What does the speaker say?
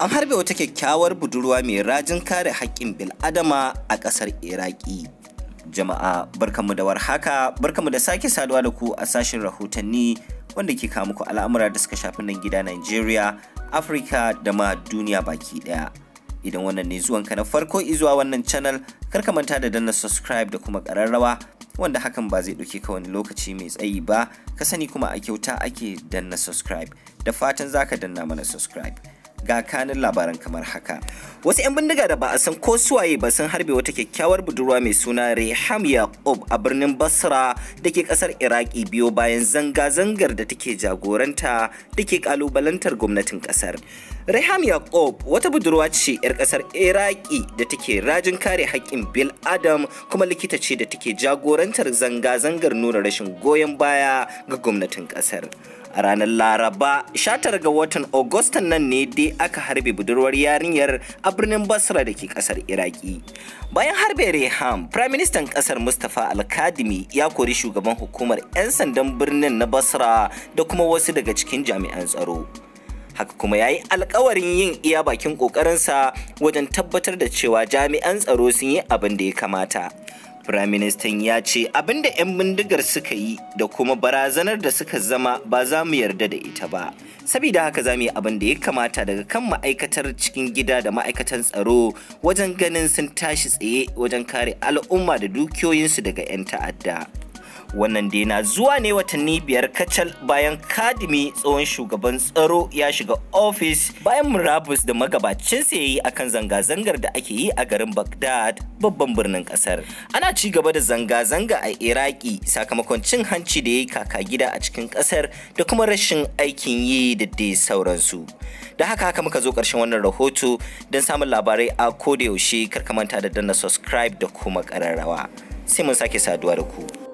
an harbe wata kyakkyawar budurwa mai rajin kare haƙƙin bil'adama a ƙasar iraki jama'a barkanmu da warhaka barkanmu da sake saduwa da ku a sashen rahotanni wanda ke kawo muku al'amura da suka shafi nan gida nigeria afirka da ma duniya baki ɗaya. idan wannan ne zuwanka na farko izuwa wannan channel kar ka manta da danna subscribe da kuma ƙararrawa wanda hakan ba zai ɗauke ka wani lokaci mai tsayi ba ka sani kuma a kyauta ake danna subscribe da fatan zaka danna mana subscribe ga kanin labaran kamar haka wasu 'yan bindiga da ba a san ko suwaye ba sun harbe wata kyakkyawar budurwa mai suna reham yaqub a birnin basra da ke kasar iraki biyo bayan zanga-zangar da take jagoranta da ke kalubalantar gwamnatin kasar reham yaqub wata budurwa ce 'yar kasar iraki da take rajin kare haƙƙin bil adam kuma likita ce da take jagorantar zanga-zangar nuna rashin goyon baya ga gwamnatin kasar a ranar laraba 19 ga watan agustan nan ne dai aka harbe budurwar yarinyar a birnin basra da ke kasar iraki bayan harbe reham prime minister kasar mustapha alkadimi ya kori shugaban hukumar 'yan sandan birnin na basra da kuma wasu daga cikin jami'an tsaro haka kuma ya yi alkawarin yin iya bakin kokarinsa wajen tabbatar da cewa jami'an tsaro sun yi abin da ya kamata Firaministan ya ce abinda 'yan bindigar suka yi da kuma barazanar da suka zama ba za mu yarda da ita ba. Sabida haka za mu yi abin da ya kamata daga kan ma'aikatar cikin gida da ma'aikatan tsaro wajen ganin sun tashi tsaye wajen kare al'umma da dukiyoyinsu daga 'yan ta'adda. wannan dai na zuwa ne watanni biyar kacal bayan kadimi tsohon shugaban tsaro ya shiga ofis bayan murabus da magabacinsa ya yi akan zanga-zangar da ake yi a garin bagdad babban birnin kasar ana ci gaba da zanga-zanga a iraki sakamakon cin hanci da ya kaka gida a cikin kasar da kuma rashin aikin yi da dai sauransu da haka haka muka zo karshen wannan rahoto don samun labarai a kodayaushe manta da danna subscribe da kuma kararrawa sai mun sake saduwa da ku.